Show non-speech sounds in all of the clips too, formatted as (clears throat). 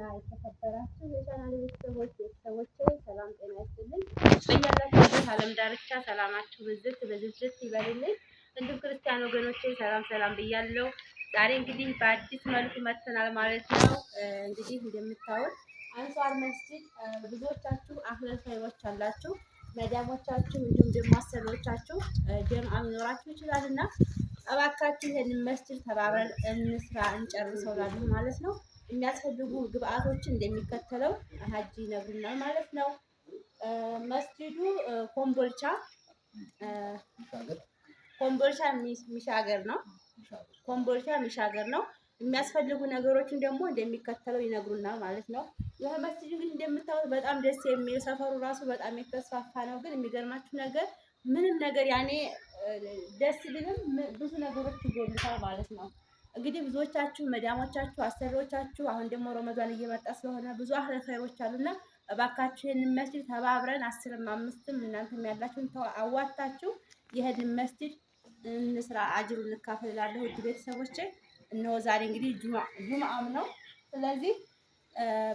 እና የተከበራችሁ የቻናል ቤተሰቦች ቤተሰቦች ሰላም ጤና ይስጥልኝ። በያላችሁበት ዓለም ዳርቻ ሰላማችሁ ብዝት በዝዝት ይበልልኝ። እንዲሁም ክርስቲያን ወገኖቼ ሰላም ሰላም ብያለሁ። ዛሬ እንግዲህ በአዲስ መልኩ መጥተናል ማለት ነው። እንግዲህ እንደምታዩት አንሷር መስጂድ ብዙዎቻችሁ አፍለሳዮች አላችሁ፣ መዳሞቻችሁ እንዲሁም ደግሞ አሰሪዎቻችሁ ጀምአ ሊኖራችሁ ይችላል እና እባካችሁ ይህንን መስጂድ ተባብረን እንስራ እንጨርሰዋለን ማለት ነው። የሚያስፈልጉ ግብአቶችን እንደሚከተለው ሀጂ ይነግሩናል ማለት ነው። መስጂዱ ኮምቦልቻ ኮምቦልቻ ሚሻገር ነው። ኮምቦልቻ ሚሻገር ነው። የሚያስፈልጉ ነገሮችን ደግሞ እንደሚከተለው ይነግሩናል ማለት ነው። ይህ መስጂዱ ግን እንደምታዩት በጣም ደስ የሚል ሰፈሩ ራሱ በጣም የተስፋፋ ነው። ግን የሚገርማችሁ ነገር ምንም ነገር ያኔ ደስ ልንም ብዙ ነገሮች ይጎሉታል ማለት ነው። እንግዲህ ብዙዎቻችሁ መዳሞቻችሁ፣ አሰሪዎቻችሁ አሁን ደግሞ ረመዷን እየመጣ ስለሆነ ብዙ አህረ ኸይሮች አሉና እባካችሁ ይህን መስጅድ ተባብረን አስርም አምስትም እናንተም ያላችሁን አዋታችሁ ይህን መስጅድ እንስራ፣ አጅሩ እንካፈላለሁ። ውድ ቤተሰቦች እነሆ ዛሬ እንግዲህ ጁምአም ነው። ስለዚህ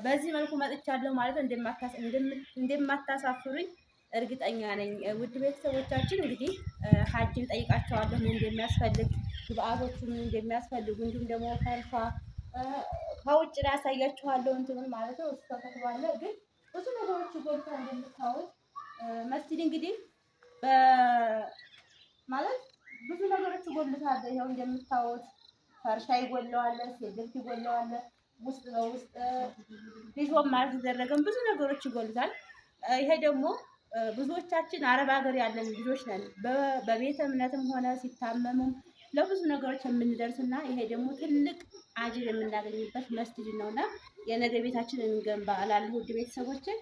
በዚህ መልኩ መጥቻለሁ ማለት እንደማታሳፍሩኝ እርግጠኛ ነኝ። ውድ ቤተሰቦቻችን እንግዲህ ሀጅን ጠይቃቸዋለሁ እንደሚያስፈልግ ግብአቶቹን እንደሚያስፈልጉ እንዲሁም ደግሞ ፈልፋ ከውጭ ላይ ያሳያችኋለሁ እንትኑን ማለት ነው። እሱ ተከትባለ ግን ብዙ ነገሮች ጎልቶ እንደምታወቅ መስጂድ እንግዲህ ማለት ብዙ ነገሮች ጎልታለ። ይኸው እንደምታወቅ ፈርሻ ይጎለዋለ፣ ሴልፍ ይጎለዋለ፣ ውስጥ በውስጥ ሊሾም ማለት ይደረገም ብዙ ነገሮች ይጎልታል። ይሄ ደግሞ ብዙዎቻችን አረብ ሀገር ያለን ልጆች ነን። በቤተ እምነትም ሆነ ሲታመሙም ለብዙ ነገሮች የምንደርስና ይሄ ደግሞ ትልቅ አጅር የምናገኝበት መስጅድ ነውና የነገ ቤታችንን እንገንባ እላለሁ። ውድ ቤተሰቦችን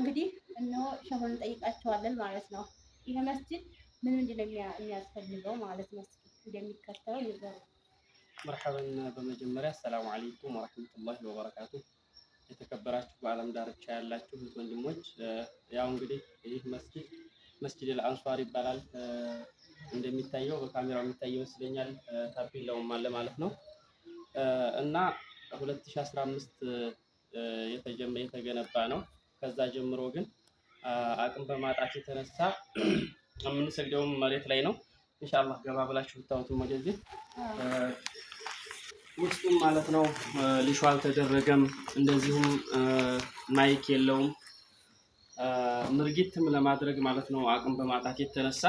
እንግዲህ እነሆ ሸሆን እንጠይቃቸዋለን ማለት ነው። ይሄ መስጅድ ምን ምንድን ነው የሚያስፈልገው ማለት ነው? እንደሚከተለው ይዘሩ መርሐበን። በመጀመሪያ አሰላሙ አለይኩም ወረሕመቱላሂ ወበረካቱ የተከበራችሁ በዓለም ዳርቻ ያላችሁ ወንድሞች፣ ያው እንግዲህ ይህ መስጊድ መስጊድ አልአንሷር ይባላል። እንደሚታየው በካሜራው የሚታየ ይመስለኛል፣ ታፔላውም አለ ማለት ነው እና 2015 የተገነባ ነው። ከዛ ጀምሮ ግን አቅም በማጣት የተነሳ (clears throat) የምንሰግደውም መሬት ላይ ነው። እንሻላ ገባ ብላችሁ ብታዩትም ወደዚህ ውስጡም ማለት ነው ሊሾ አልተደረገም። እንደዚሁም ማይክ የለውም። ምርጊትም ለማድረግ ማለት ነው አቅም በማጣት የተነሳ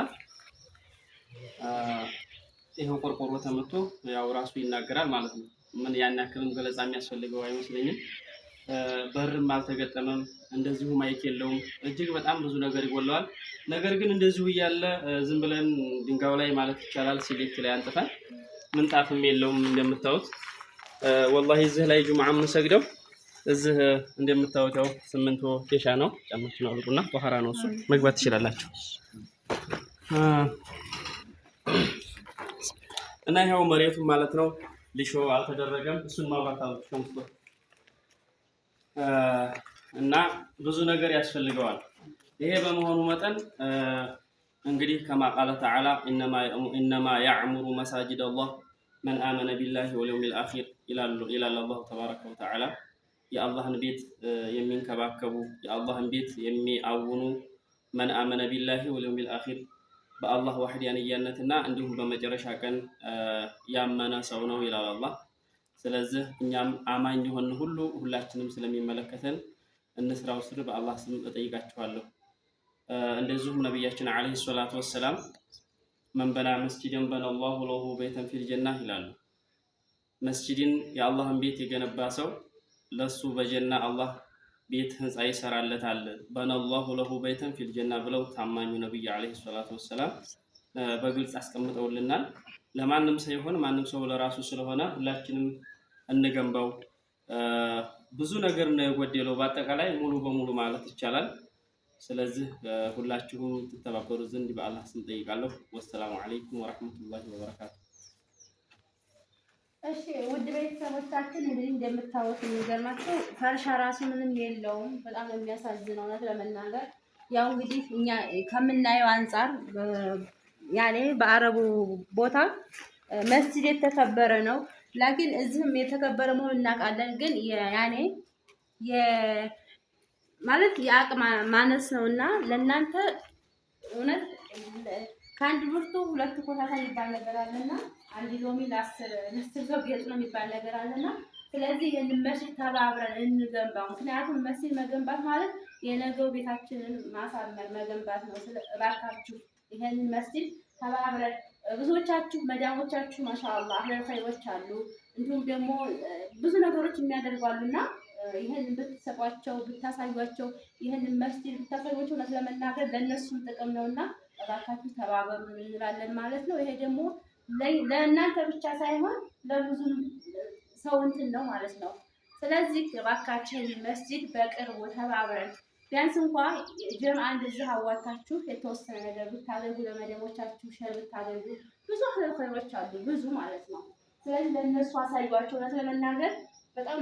ይኸው ቆርቆሮ ተመቶ ያው ራሱ ይናገራል ማለት ነው። ምን ያን ያክልም ገለጻ የሚያስፈልገው አይመስለኝም። በርም አልተገጠመም፣ እንደዚሁ ማይክ የለውም። እጅግ በጣም ብዙ ነገር ይጎለዋል። ነገር ግን እንደዚሁ እያለ ዝም ብለን ድንጋዩ ላይ ማለት ይቻላል ሲሌክት ላይ አንጥፈን ምንጣፍም የለውም እንደምታዩት። ወላሂ እዚህ ላይ ጁምዓ የምንሰግደው እዚህ እንደምታዩት ያው ስምንቶ ኬሻ ነው። ጫማችን አውልቁና ጧሃራ ነው እሱ መግባት ትችላላችሁ። እና ይኸው መሬቱን ማለት ነው ሊሾ አልተደረገም። እሱን ማውራት አልተቀምጦ እና ብዙ ነገር ያስፈልገዋል። ይሄ በመሆኑ መጠን እንግዲህ ከማ ቃለ ተዓላ ኢነማ ያዕሙሩ መሳጅድ አላህ መን አመነ ቢላሂ ወልየውሚል አኺር ይላል አላሁ ተባረከ ወተዓላ። የአላህን ቤት የሚንከባከቡ የአላህን ቤት የሚአውኑ መን አመነ ቢላሂ ወልየውሚል አኺር በአላህ ዋህዳንያነትና እንዲሁም በመጨረሻ ቀን ያመነ ሰው ነው ይላል አላህ። ስለዚህ እኛም አማኝ የሆን ሁሉ ሁላችንም ስለሚመለከተን እንስራው ስር በአላህ ስም እጠይቃችኋለሁ። እንደዚሁም ነቢያችን ዓለይሂ ሰላቱ ወሰላም መንበና መስጂድን በነ አላሁ ለሁ ቤተን ፊል ጀና ይላሉ። መስጂድን የአላህን ቤት የገነባ ሰው ለሱ በጀና አላህ ቤት ህንፃ ይሰራለታል። በነ አላሁ ለሁ ቤተን ፊል ጀና ብለው ታማኙ ነቢይ ዓለይሂ ሰላቱ ወሰላም በግልጽ አስቀምጠውልናል። ለማንም ሳይሆን ማንም ሰው ለራሱ ስለሆነ ሁላችንም እንገንባው። ብዙ ነገር ነው የጎደለው። በአጠቃላይ ሙሉ በሙሉ ማለት ይቻላል ስለዚህ ሁላችሁም ትተባበሩ ዘንድ በአላህ ስም ጠይቃለሁ። ወሰላሙ አለይኩም ወረሕመቱላሂ ወበረካቱ። እሺ ውድ ቤተሰቦቻችን እንግዲህ እንደምታወት የሚገርማቸው ፈርሻ ራሱ ምንም የለውም። በጣም የሚያሳዝን እውነት ለመናገር ያው እንግዲህ እኛ ከምናየው አንጻር ያኔ በአረቡ ቦታ መስጂድ የተከበረ ነው። ላኪን እዚህም የተከበረ መሆን እናውቃለን። ግን ያኔ ማለት የአቅም ማነስ ነው እና ለእናንተ እውነት ከአንድ ብርቱ ሁለት ኮታታ የሚባል ነገር አለና አንድ ሎሚ ለአስር ምስር ዘው ጌጥ ነው የሚባል ነገር አለና ስለዚህ ይህንን መስጅድ ተባብረን እንገንባው። ምክንያቱም መስጅድ መገንባት ማለት የነገው ቤታችንን ማሳመር መገንባት ነው። እባካችሁ ይህንን መስጅድ ተባብረን ብዙዎቻችሁ መዳሞቻችሁ ማሻአላ ረፋይዎች አሉ፣ እንዲሁም ደግሞ ብዙ ነገሮች የሚያደርጓሉና ይህን ብትሰጧቸው ብታሳዩቸው፣ ይህን መፍትሄ ብታሳዩቸው እውነት ለመናገር ለእነሱም ጥቅም ነው እና እባካችሁ ተባበሩ እንላለን ማለት ነው። ይሄ ደግሞ ለእናንተ ብቻ ሳይሆን ለብዙ ሰው እንትን ነው ማለት ነው። ስለዚህ እባካችን መስጂድ በቅርቡ ተባብረን ቢያንስ እንኳ አንድ እንደዚህ አዋታችሁ የተወሰነ ነገር ብታደርጉ ለመደቦቻችሁ ሸር ብታደርጉ ብዙ ኸይሮች አሉ፣ ብዙ ማለት ነው። ስለዚህ ለእነሱ አሳዩቸው እውነት ለመናገር በጣም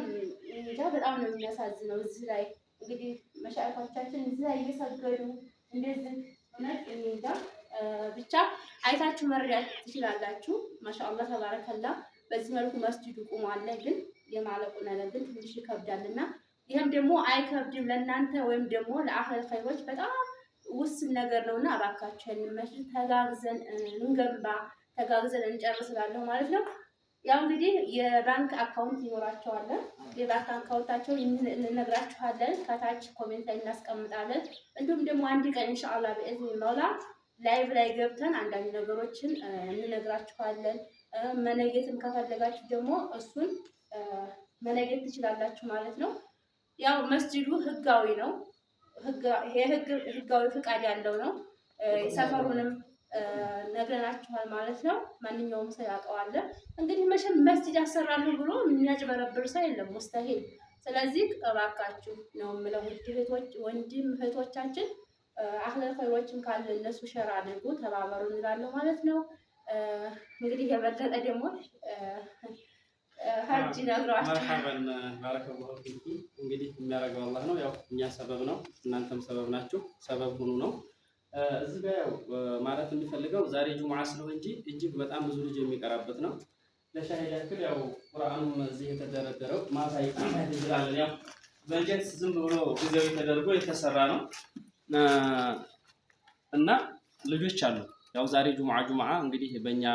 እንጃ በጣም ነው የሚያሳዝነው። እዚህ ላይ እንግዲህ መሻይኮቻችን እዚህ ላይ እየሰገዱ እንደዚህ እውነት እንጃ ብቻ አይታችሁ መረዳት ትችላላችሁ። ማሻአላ ተባረከላ። በዚህ መልኩ መስጂዱ ቁሞ ግን የማለቁ ነገር ግን ትንሽ ይከብዳልና ይህም ደግሞ አይከብድም ለእናንተ ወይም ደግሞ ለአህል ኸይሮች በጣም ውስን ነገር ነውና አባካችሁ መስጂድ ተጋግዘን እንገንባ ተጋግዘን እንጨርስ ማለት ነው። ያው እንግዲህ የባንክ አካውንት ይኖራቸዋል። የባንክ አካውንታቸውን እንነግራችኋለን፣ ከታች ኮሜንት ላይ እናስቀምጣለን። እንዲሁም ደግሞ አንድ ቀን እንሻላ በእዝኒ መውላ ላይቭ ላይ ገብተን አንዳንድ ነገሮችን እንነግራችኋለን። መነየትን ከፈለጋችሁ ደግሞ እሱን መነየት ትችላላችሁ ማለት ነው። ያው መስጂዱ ህጋዊ ነው። ህጋዊ ፍቃድ ያለው ነው። የሰፈሩንም ነግረናችኋል ማለት ነው። ማንኛውም ሰው ያውቀዋል። እንግዲህ መቼም መስጂድ ያሰራሉ ብሎ የሚያጭበረብር ሰው የለም፣ ሙስተሂል። ስለዚህ እባካችሁ ነው የምለው ውድ እህቶች፣ ወንድም እህቶቻችን አህለል ኸይሮችም ካለ እነሱ ሸር አድርጉ፣ ተባበሩ እንላለሁ ማለት ነው። እንግዲህ የበለጠ ደግሞ ሀጅ ነግረዋቸውመርሀበን ባረከላሁ ፊኩም። እንግዲህ የሚያደርገው አላህ ነው። ያው እኛ ሰበብ ነው፣ እናንተም ሰበብ ናችሁ። ሰበብ ሁኑ ነው እዚህ ጋር ያው ማለት የምፈልገው ዛሬ ጁሙዓ ስለሆነ እንጂ እጅግ በጣም ብዙ ልጅ የሚቀራበት ነው። ለሻሂድ ያክል ያው ቁርአኑም እዚህ የተደረደረው ማሳይ እንችላለን። ያው በእንጨት ዝም ብሎ ጊዜያዊ ተደርጎ የተሰራ ነው እና ልጆች አሉ። ያው ዛሬ ጁሙዓ ጁሙዓ እንግዲህ በእኛ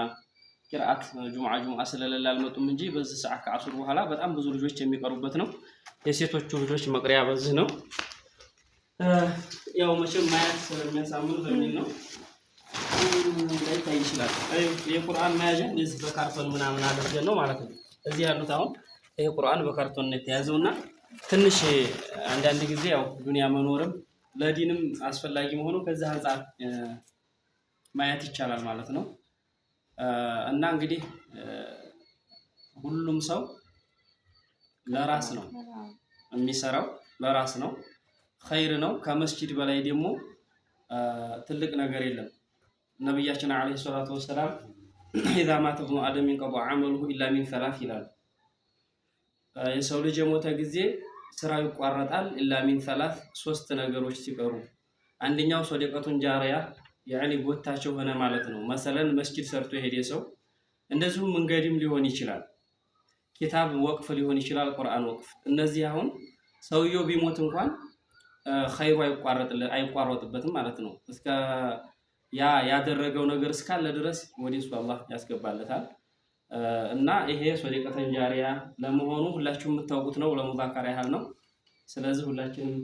ቂርአት ጁሙዓ ጁሙዓ ስለሌለ አልመጡም እንጂ በዚህ ሰዓት ከአሱር በኋላ በጣም ብዙ ልጆች የሚቀሩበት ነው። የሴቶቹ ልጆች መቅሪያ በዚህ ነው። ያው መቼም ማየት ስለሚያሳምር በሚል ነው ላይታይ ይችላል። የቁርአን መያዣ እንደዚህ በካርቶን ምናምን አድርገን ነው ማለት ነው። እዚህ ያሉት አሁን ይሄ ቁርአን በካርቶን ነው የተያዘው እና ትንሽ አንዳንድ ጊዜ ያው ዱንያ መኖርም ለዲንም አስፈላጊ መሆኑ ከዚህ አንጻር ማየት ይቻላል ማለት ነው። እና እንግዲህ ሁሉም ሰው ለራስ ነው የሚሰራው፣ ለራስ ነው ኸይር ነው። ከመስጂድ በላይ ደግሞ ትልቅ ነገር የለም። ነቢያችን ዓለይሂ ሰላቱ ወሰላም ኢዛ ማተ ብኑ አደም ይንቀጧ አመሉሁ ኢላ ሚን ሰላት ይላል። የሰው ልጅ የሞተ ጊዜ ስራው ይቋረጣል። ኢላ ሚን ሰላት፣ ሶስት ነገሮች ሲቀሩ አንደኛው ሶደቀቱን ጃሪያ ያኒ ጎታቸው ሆነ ማለት ነው። መሰለን መስጂድ ሰርቶ የሄደ ሰው እንደዚሁ መንገድም ሊሆን ይችላል፣ ኪታብ ወቅፍ ሊሆን ይችላል፣ ቁርአን ወቅፍ። እነዚህ አሁን ሰውየው ቢሞት እንኳን ኸይሩ አይቋረጥበትም ማለት ነው። እስከ ያ ያደረገው ነገር እስካለ ድረስ ወደ እሱ አላህ ያስገባለታል። እና ይሄ ሶደቀተን ጃሪያ ለመሆኑ ሁላችሁም የምታውቁት ነው። ለሙዛከራ ያህል ነው። ስለዚህ ሁላችንም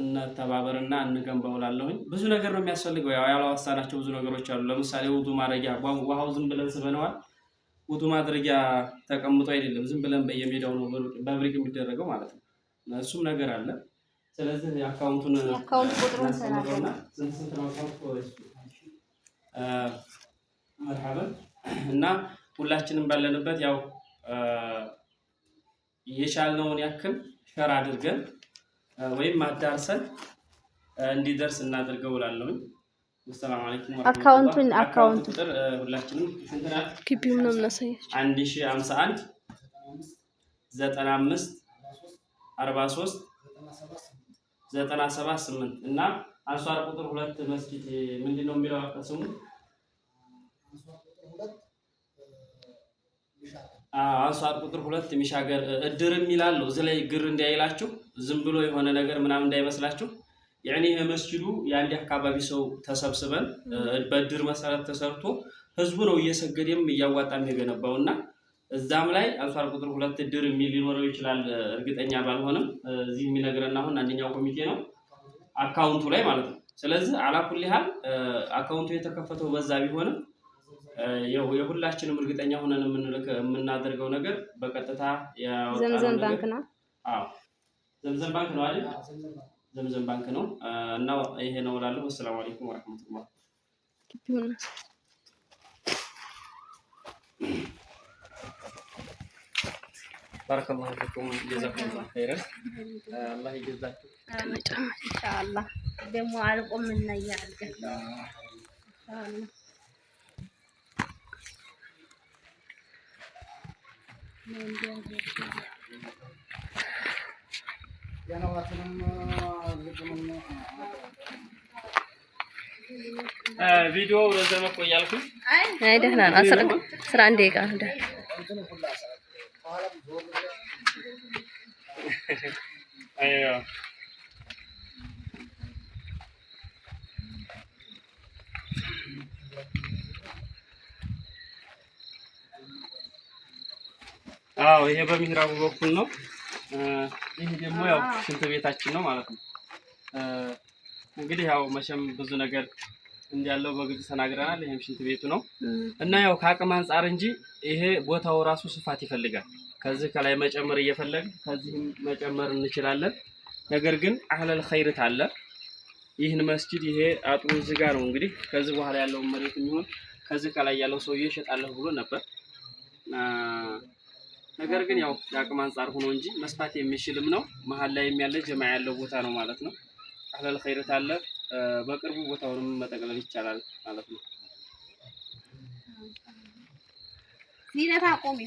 እነተባበርና እንገንባው ላለሁኝ ብዙ ነገር ነው የሚያስፈልገው። ያው ያላዋሳናቸው ብዙ ነገሮች አሉ። ለምሳሌ ውዱ ማድረጊያ ውሃው ዝም ብለን ስበነዋል። ውዱ ማድረጊያ ተቀምጦ አይደለም ዝም ብለን በየሜዳው ነው በብሪክ የሚደረገው ማለት ነው። እሱም ነገር አለ። ስለዚህ የአካውንቱን አካውንት መርሐበን እና ሁላችንም ባለንበት ያው የቻልነውን ያክል ሸር አድርገን ወይም ማዳርሰን እንዲደርስ እናደርገው እላለሁኝ። ሰላም አለይኩም። አካውንቱን አካውንቱ ቁጥር ሁላችንም ስንት ነው? ነው የምናሳያቸው አንድ ሺህ ሀምሳ አንድ ዘጠና አምስት አርባ ሶስት ዘጠና ሰባት ስምንት እና አንሷር ቁጥር ሁለት መስጊድ ምንድን ነው የሚለው ስሙ? አንሷር ቁጥር ሁለት የሚሻገር እድርም ይላለው። እዚህ ላይ ግር እንዳይላችሁ ዝም ብሎ የሆነ ነገር ምናምን እንዳይመስላችሁ። ያኔ ይሄ መስጂዱ የአንድ አካባቢ ሰው ተሰብስበን በእድር መሰረት ተሰርቶ ህዝቡ ነው እየሰገደም እያዋጣም እና እዛም ላይ አርሶ ቁጥር ሁለት ድር የሚል ሊኖረው ይችላል። እርግጠኛ ባልሆንም እዚህ የሚነግረን አሁን አንደኛው ኮሚቴ ነው አካውንቱ ላይ ማለት ነው። ስለዚህ አላኩልሃል አካውንቱ የተከፈተው በዛ ቢሆንም የሁላችንም እርግጠኛ ሆነን የምናደርገው ነገር በቀጥታ ዘምዘም ባንክ ነው። አዎ ዘምዘም ባንክ ነው አይደል? ዘምዘም ባንክ ነው እና ይሄ ነው እላለሁ። አሰላሙ አለይኩም ወረህመቱላህ ባረከላሁ ፊኩም ጀዛኩም ኸይረን አላህ ይጀዛችሁ። ኢንሻአላህ ደግሞ አልቆም እና ያርገን ቪዲዮው ለዘመቆ እያልኩኝ አይ ደህና ነው። አስራ አንድ ደቂቃ అయ్యో አዎ ይሄ በምዕራቡ በኩል ነው። ይህ ደግሞ ያው ሽንት ቤታችን ነው ማለት ነው። እንግዲህ ያው መቼም ብዙ ነገር እንዳለው በግልጽ ተናግረናል። ይህም ሽንት ቤቱ ነው እና ያው ከአቅም አንጻር እንጂ ይሄ ቦታው ራሱ ስፋት ይፈልጋል። ከዚህ ከላይ መጨመር እየፈለግ ከዚህም መጨመር እንችላለን። ነገር ግን አህለል ኸይርት አለ ይህን መስጂድ ይሄ አጥሩ እዚህ ጋር ነው እንግዲህ ከዚህ በኋላ ያለውን መሬት የሚሆን ከዚህ ከላይ ያለው ሰውዬ እሸጣለሁ ብሎ ነበር። ነገር ግን ያው የአቅም አንጻር ሆኖ እንጂ መስፋት የሚችልም ነው። መሀል ላይ ያለ ጀማ ያለው ቦታ ነው ማለት ነው። አህለል ኸይርት አለ በቅርቡ ቦታውንም መጠቅለል ይቻላል ማለት ነው። ዚነት አቆሚ